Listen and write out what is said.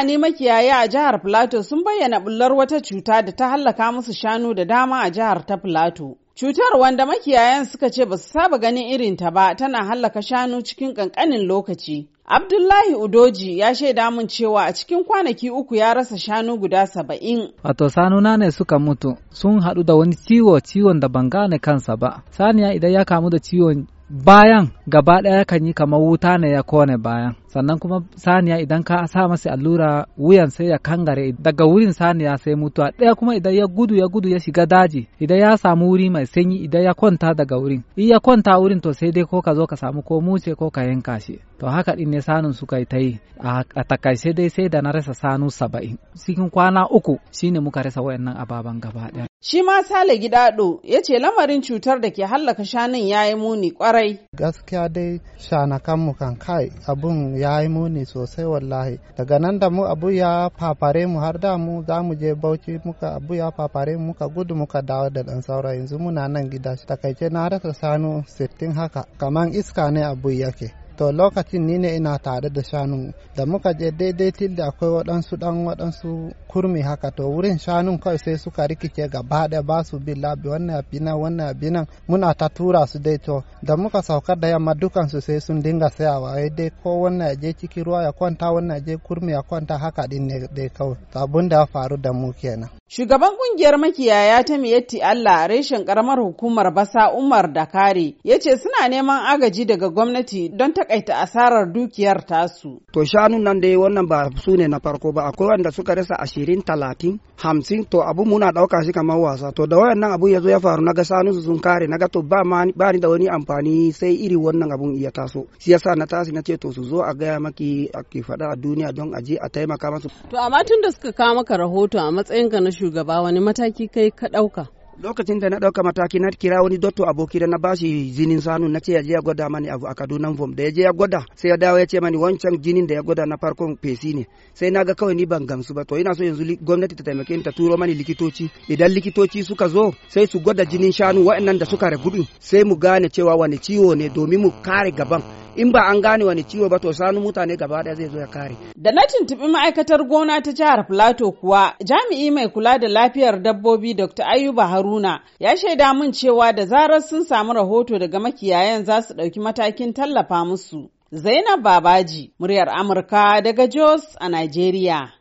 Fulani makiyaya a jihar Filato sun bayyana bullar wata cuta da ta hallaka musu shanu da dama a jihar ta Filato. Cutar wanda makiyayan suka ce ba su saba ganin irin ta ba tana hallaka shanu cikin ƙanƙanin lokaci. Abdullahi Udoji ya shaida mun cewa a cikin kwanaki uku ya rasa shanu guda saba'in. Wato sanuna ne suka mutu sun haɗu da wani ciwo ciwon da ban gane kansa ba. Saniya idan ya kamu da ciwon bayan gaba ɗaya kan yi kamar wuta ne ya kone bayan sannan kuma saniya idan ka sa masa allura wuyan sai ya kangare daga wurin saniya sai mutuwa ɗaya kuma idan ya gudu ya gudu ya shiga daji idan ya samu wuri mai sanyi idan ya kwanta daga wurin in ya kwanta wurin to sai dai ko ka zo ka samu ko muce ko ka yanka shi to haka ɗin ne sanun suka yi ta yi a takaice dai sai da na rasa sanu saba'in cikin kwana uku shine muka rasa wayannan ababen gaba ɗaya Shi ma Sale Gidaɗo ya ce lamarin cutar da ke hallaka shanun ya yi muni kwarai. Gaskiya dai shanakanmu kan kai abun ya yi muni sosai wallahi. Daga nan da mu abu ya fafare mu har da mu za mu je bauchi muka abu ya fafare mu muka gudu muka dawo da ɗan saura yanzu muna nan gida. Takaice na rasa sanu sittin haka kamar iska ne abu yake. to lokacin ni ne ina tare da shanun da muka je daidai tilda akwai waɗansu ɗan waɗansu kurmi haka to wurin shanun kawai sai suka rikice gaba ɗaya ba su bin labi wannan ya binan wannan ya binan muna ta tura su dai to da muka sauka da yamma su sai sun dinga sayawa ya dai ko wannan ya je ciki ruwa ya kwanta wannan ya je kurmi ya kwanta haka ɗin ne dai kawai abun da ya faru da mu kenan. Shugaban kungiyar makiyaya ta miyatti Allah reshen karamar hukumar Basa Umar Dakare ya ce suna neman agaji daga gwamnati don ta takaita asarar dukiyar tasu. To shanu nan dai wannan ba su ne na farko ba akwai wanda suka rasa ashirin talatin hamsin to abu muna ɗauka shi kamar wasa to da wayannan abun ya zo ya faru naga shanun su sun kare naga to ba ba ni da wani amfani sai iri wannan abun iya taso shi na tasi na ce to su zo a gaya maki a ke faɗa a duniya don a je a taimaka masu. To amma tun da suka kawo maka rahoto a matsayinka na shugaba wani mataki kai ka ɗauka? lokacin da na ɗauka mataki na kira wani dotto aboki da na bashi jinin sanu na ce ya je ya gwada mani abu a Kaduna vom da ya je ya gwada sai ya dawo ya ce mani wancan jinin da ya gwada na farkon fesi ne sai na ga kawai ni ban gamsu ba to ina so yanzu gwamnati ta taimake ni ta turo mani likitoci idan likitoci suka zo sai su gwada jinin shanu waɗannan da suka gudu sai mu gane cewa wani ciwo ne domin mu kare gaban in ba an gane wani ciwo ba to sanu mutane gaba daya zai zo ya kare da na tuntuɓi ma'aikatar gona ta jihar Filato kuwa jami'i mai kula da lafiyar dabbobi Dr. Ayuba Haruna ya shaida min cewa da zarar sun samu rahoto daga makiyayan za su ɗauki matakin tallafa musu. Zainab Babaji, muryar Amurka daga Jos a Najeriya.